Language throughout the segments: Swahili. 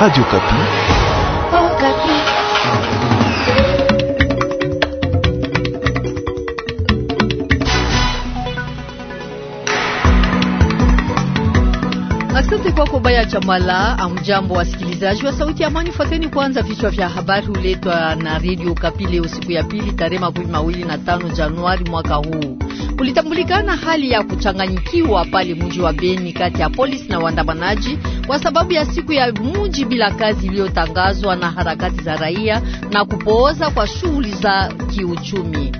Radio Kapi. Asante kwa baya Chamala. Amjambo wasikilizaji wa Sauti ya Amani, fuateni kwanza vichwa vya habari huletwa na Redio Kapile usiku ya pili tarehe makumi mawili na tano Januari mwaka huu. Kulitambulikana hali ya kuchanganyikiwa pale mji wa Beni kati ya polisi na waandamanaji kwa sababu ya siku ya mji bila kazi iliyotangazwa na harakati za raia na kupooza kwa shughuli za kiuchumi.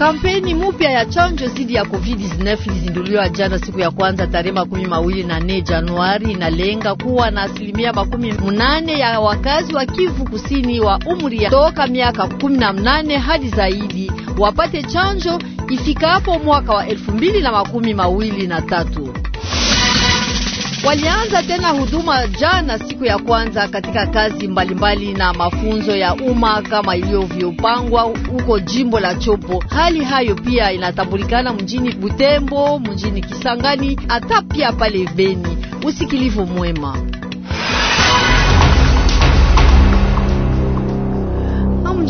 Kampeni mupya ya chanjo dhidi ya COVID-19 ilizinduliwa jana siku ya kwanza tarehe makumi mawili na nne Januari. Inalenga kuwa na asilimia makumi mnane ya wakazi wa Kivu Kusini wa umri ya toka miaka kumi na mnane hadi zaidi wapate chanjo ifikapo mwaka wa elfu mbili na makumi mawili na tatu walianza tena huduma jana siku ya kwanza katika kazi mbalimbali mbali na mafunzo ya umma kama ilivyopangwa huko jimbo la Chopo. Hali hayo pia inatambulikana mjini Butembo, mjini Kisangani, hata pia pale Beni. Usikilivu mwema.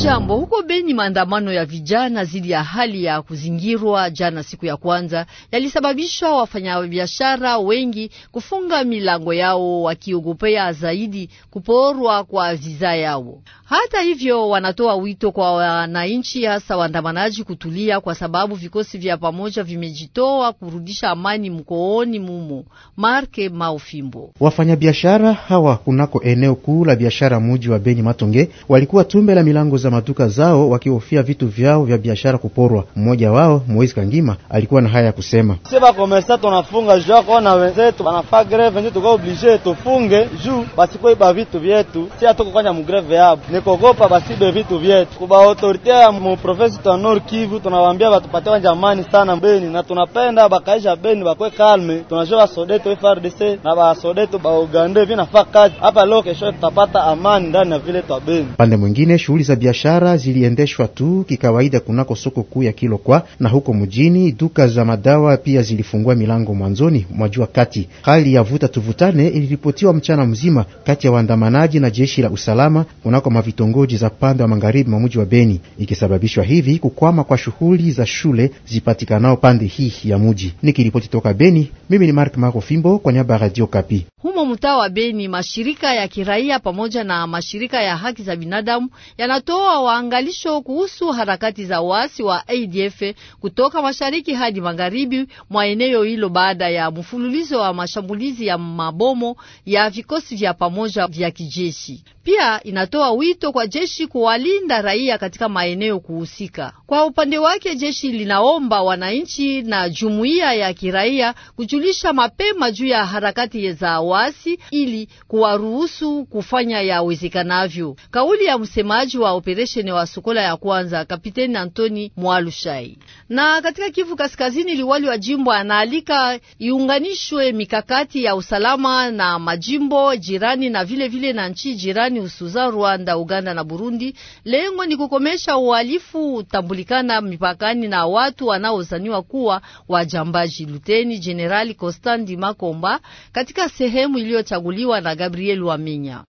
Jambo huko Beni, maandamano ya vijana dhidi ya hali ya kuzingirwa jana siku ya kwanza yalisababisha wafanyabiashara wengi kufunga milango yao wakiogopea zaidi kuporwa kwa viza yao. Hata hivyo, wanatoa wito kwa wananchi, hasa waandamanaji, kutulia kwa sababu vikosi vya pamoja vimejitoa kurudisha amani mkooni mumo. Marke Maufimbo, wafanyabiashara hawa kunako eneo kuu la biashara muji wa Beni Matonge walikuwa tumbe la milango za katika maduka zao wakihofia vitu vyao vya biashara kuporwa. Mmoja wao Moise Kangima alikuwa na haya ya kusema: si bakomersa tunafunga juu akona wenzetu banafaa greve, nje tuka oblige tufunge juu basikuiba vitu vyetu, si atukukanya mugreve yabo nikogopa basibe vitu vyetu. Kuba autorite ya muprofesi twa Nord Kivu tunawambia batupate wanja amani sana Beni na tunapenda bakaisha Beni bakwe kalme, tunajua basodeto FRDC na basodetu baugande vinafaa kazi hapa leo, kesho tutapata amani ndani ya vile twa Beni. Pande mwingine shughuli za biashara biashara ziliendeshwa tu kikawaida kunako soko kuu ya Kilokwa na huko mjini, duka za madawa pia zilifungua milango mwanzoni mwa jua kati. Hali ya vuta tuvutane iliripotiwa mchana mzima kati ya waandamanaji na jeshi la usalama kunako mavitongoji za pande wa magharibi mwa mji wa Beni, ikisababishwa hivi kukwama kwa shughuli za shule zipatikanao pande hii ya mji. Nikiripoti toka Beni, mimi ni Mark Maro Fimbo kwa niaba ya Radio Kapi. Humo mtaa wa Beni, mashirika ya kiraia pamoja na mashirika ya haki za binadamu yanatoa kutoa waangalisho kuhusu harakati za waasi wa ADF kutoka mashariki hadi magharibi mwa eneo hilo baada ya mfululizo wa mashambulizi ya mabomo ya vikosi vya pamoja vya kijeshi. Pia inatoa wito kwa jeshi kuwalinda raia katika maeneo kuhusika. Kwa upande wake, jeshi linaomba wananchi na jumuiya ya kiraia kujulisha mapema juu ya harakati za waasi ili kuwaruhusu kufanya yawezekanavyo. Kauli ya msemaji wa operesheni wa Sokola ya kwanza, Kapiteni Antoni Mwalushai. Na katika Kivu Kaskazini, liwali wa jimbo anaalika iunganishwe mikakati ya usalama na majimbo jirani na vilevile vile na nchi jirani usuza Rwanda, Uganda na Burundi. Lengo ni kukomesha uhalifu utambulikana mipakani na watu wanaozaniwa kuwa wajambaji. Luteni Jenerali Constant Makomba katika sehemu iliyochaguliwa na Gabriel Waminya.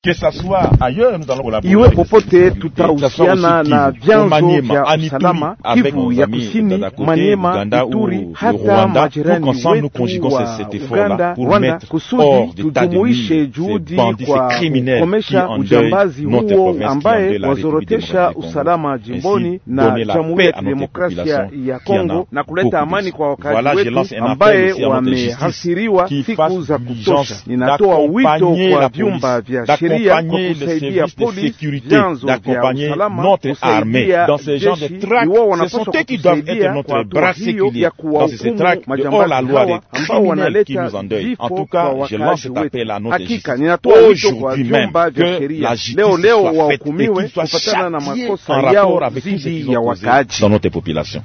Iwe popote tuta kushirikiana na vyanzo vya usalama Kivu ya Kusini, Maniema, Ituri hata majirani wetu wa Uganda, Rwanda, kusudi tujumuishe juhudi kwa kukomesha ujambazi huo ambaye wazorotesha usalama jimboni na Jamhuri ya Demokrasia ya Kongo na kuleta amani kwa wakazi wetu ambaye wamehasiriwa siku za kutosha. Ninatoa wito kwa vyumba vya sheria kwa kusaidia polisi, vyanzo vya usalama notre armée. Ah, dans ce genre de tracts, ce sont eux qui doivent être hein, notre bras séculier. Dans ces tracts de hors la loi des criminels qui nous endeuillent. En tout cas, je lance cet appel à notre justice. Aujourd'hui même, que la justice soit faite et qu'il soit châtié en rapport avec tout ce qu'ils ont causé dans notre population.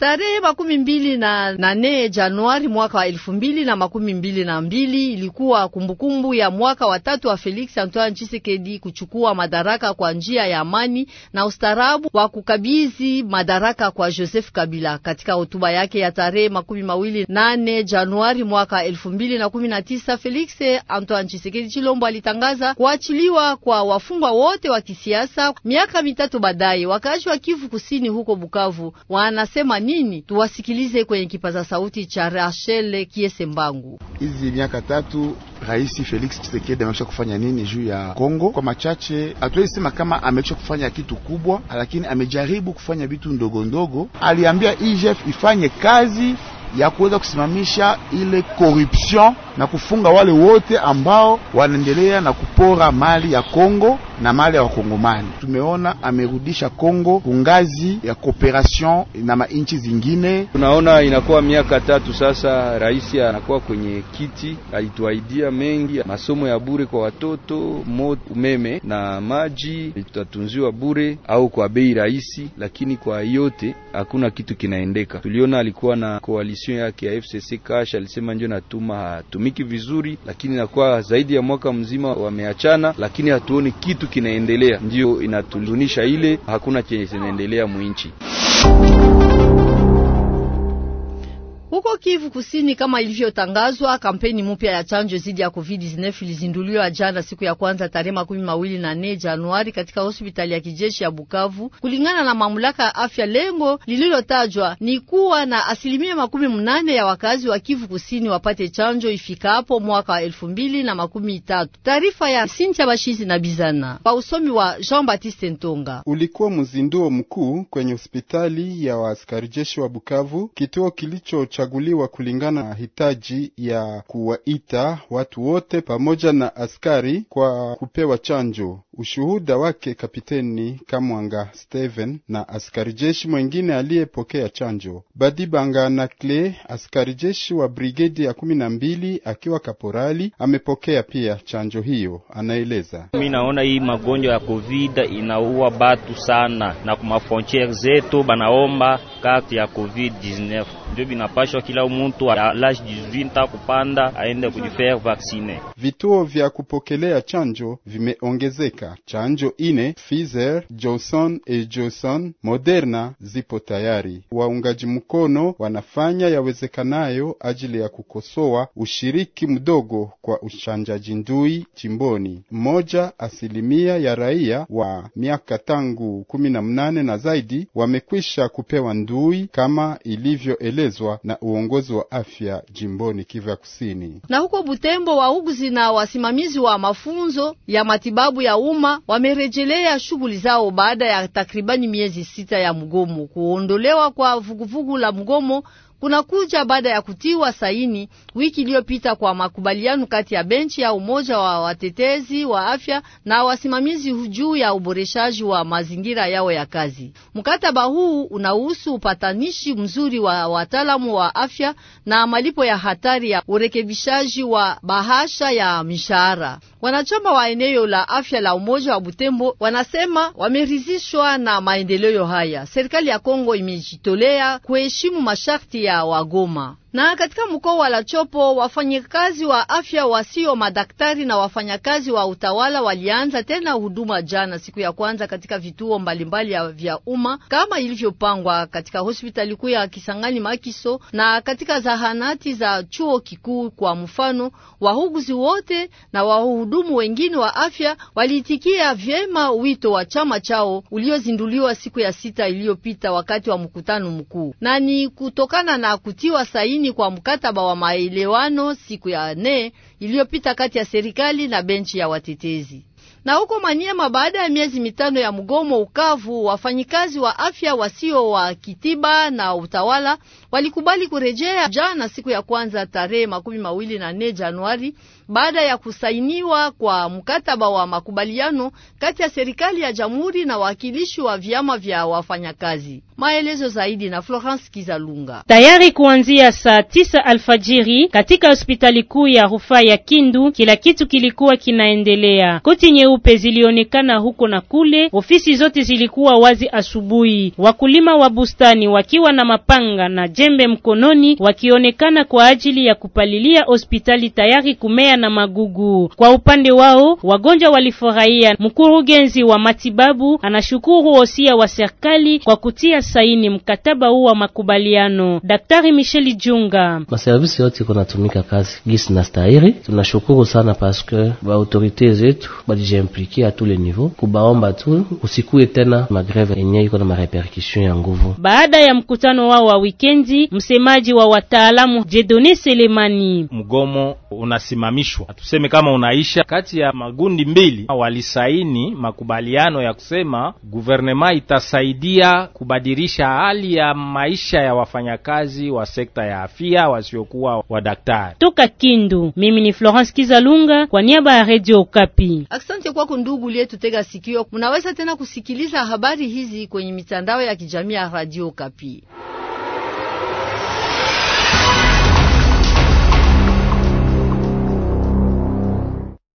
Tarehe makumi mbili na nane Januari mwaka wa elfu mbili na makumi mbili na mbili ilikuwa kumbukumbu ya mwaka wa tatu wa Felix Antoine chisekedi kuchukua madaraka kwa njia ya amani na ustarabu wa kukabidhi madaraka kwa Joseph Kabila. Katika hotuba yake ya tarehe makumi mawili nane Januari mwaka elfu mbili na kumi na tisa Felix Antoine chisekedi Chilombo alitangaza kuachiliwa kwa wafungwa wote wa kisiasa. Miaka mitatu baadaye, wakaaji wa Kivu Kusini huko Bukavu wanasema nini? Tuwasikilize kwenye kipaza sauti cha Rachel kiesembangu Hizi miaka tatu raisi Felix Tshisekedi amekwisha kufanya nini juu ya Kongo? Kwa machache hatuwezi sema kama amekwisha kufanya kitu kubwa, lakini amejaribu kufanya vitu ndogo ndogo. Aliambia IGF ifanye kazi ya kuweza kusimamisha ile corruption na kufunga wale wote ambao wanaendelea na kupora mali ya Kongo na mali ya Wakongomani. Tumeona amerudisha Kongo kungazi ya cooperation na mainchi zingine. Tunaona inakuwa miaka tatu sasa, rais anakuwa kwenye kiti, alituaidia mengi, masomo ya bure kwa watoto, moto, umeme na maji tutatunziwa bure au kwa bei rahisi, lakini kwa yote hakuna kitu kinaendeka. Tuliona alikuwa na koalisyon yake ya FCC Kash, alisema ndio natuma hawatumiki vizuri, lakini inakuwa zaidi ya mwaka mzima wameachana, lakini hatuoni kitu kinaendelea. ndio inatuzunisha ile, hakuna chenye kinaendelea mwinchi. Kivu Kusini, kama ilivyotangazwa, kampeni mpya ya chanjo dhidi ya COVID-19 ilizinduliwa jana siku ya kwanza tarehe makumi mawili na nne Januari katika hospitali ya kijeshi ya Bukavu. Kulingana na mamlaka ya afya, lengo lililotajwa ni kuwa na asilimia makumi mnane ya wakazi wa Kivu Kusini wapate chanjo ifikapo mwaka wa elfu mbili na makumi tatu. Taarifa ya Sintia Bashizi na Bizana kwa usomi wa Jean Baptiste Ntonga. Ulikuwa mzinduo mkuu kwenye hospitali ya waaskari jeshi wa Bukavu, kituo kilichochaguliwa kuandaliwa kulingana na hitaji ya kuwaita watu wote pamoja na askari kwa kupewa chanjo. Ushuhuda wake Kapiteni Kamwanga Steven na askari jeshi mwengine aliyepokea chanjo. Badibanga Cle, askari jeshi wa brigedi ya kumi na mbili akiwa kaporali, amepokea pia chanjo hiyo. Anaeleza: mi naona hii magonjwa ya covid inaua batu sana, na kumafrontiere zetu banaomba kati ya covid 19 ndio binapashwa kila mtu a 18 kupanda aende kujifere vaksine. Vituo vya kupokelea chanjo vimeongezeka. Chanjo ine Pfizer, Johnson e Johnson, Moderna zipo tayari. Waungaji mkono wanafanya yawezekanayo ajili ya kukosoa ushiriki mdogo kwa uchanjaji ndui chimboni. Moja asilimia ya raia wa miaka tangu kumi na mnane na zaidi wamekwisha kupewa ndui kama ilivyo ele kutekelezwa na uongozi wa afya jimboni Kivu ya Kusini. Na huko Butembo, wauguzi na wasimamizi wa mafunzo ya matibabu ya umma wamerejelea shughuli zao baada ya takribani miezi sita ya mgomo. Kuondolewa kwa vuguvugu la mgomo kunakuja baada ya kutiwa saini wiki iliyopita kwa makubaliano kati ya benchi ya umoja wa watetezi wa afya na wasimamizi juu ya uboreshaji wa mazingira yao ya kazi. Mkataba huu unahusu upatanishi mzuri wa wataalamu wa afya na malipo ya hatari ya urekebishaji wa bahasha ya mishahara. Wanachama wa eneo la afya la Umoja wa Butembo wanasema wamerizishwa na maendeleo haya. Serikali ya Kongo imejitolea kuheshimu masharti ya wagoma. Na katika mkoa wa Lachopo wafanyakazi wa afya wasio madaktari na wafanyakazi wa utawala walianza tena huduma jana siku ya kwanza katika vituo mbalimbali vya umma kama ilivyopangwa katika hospitali kuu ya Kisangani Makiso na katika zahanati za chuo kikuu. Kwa mfano, wahuguzi wote na wahudumu wengine wa afya waliitikia vyema wito wa chama chao uliozinduliwa siku ya sita iliyopita wakati wa mkutano mkuu, na ni kutokana na kutiwa saini saini kwa mkataba wa maelewano siku ya nne iliyopita kati ya serikali na benchi ya watetezi. Na huko Maniema, baada ya miezi mitano ya mgomo ukavu, wafanyikazi wa afya wasio wa kitiba na utawala walikubali kurejea jana, siku ya kwanza, tarehe makumi mawili na nne Januari baada ya kusainiwa kwa mkataba wa makubaliano kati ya serikali ya jamhuri na wawakilishi wa vyama vya wafanyakazi. Maelezo zaidi na Florence Kizalunga. Tayari kuanzia saa tisa alfajiri katika hospitali kuu ya rufaa ya Kindu, kila kitu kilikuwa kinaendelea. Koti nyeupe zilionekana huko na kule, ofisi zote zilikuwa wazi asubuhi. Wakulima wa bustani wakiwa na mapanga na jembe mkononi wakionekana kwa ajili ya kupalilia hospitali tayari kumea na magugu. Kwa upande wao wagonjwa walifurahia. Mkurugenzi wa matibabu anashukuru osia wa serikali kwa kutia saini mkataba huu wa makubaliano. Daktari Michel Junga: maservisi yote kunatumika kazi gisi na stahiri. Tunashukuru sana paske baautorite zetu balijimplikie a tous les niveaux, kubaomba tu usikue tena magreve yenye iko na marepercussion ya nguvu. Baada ya mkutano wao wa wikendi, msemaji wa wataalamu Jedone Selemani: mgomo unasimamishwa, tuseme kama unaisha. Kati ya magundi mbili walisaini makubaliano ya kusema guvernema itasaidia kubadilisha hali ya maisha ya wafanyakazi wa sekta ya afya wasiokuwa wadaktari. Toka Kindu, mimi ni Florence Kizalunga kwa niaba ya Radio Okapi. Asante kwako ndugu uliyetutega sikio. Munaweza tena kusikiliza habari hizi kwenye mitandao ya kijamii ya Radio Okapi.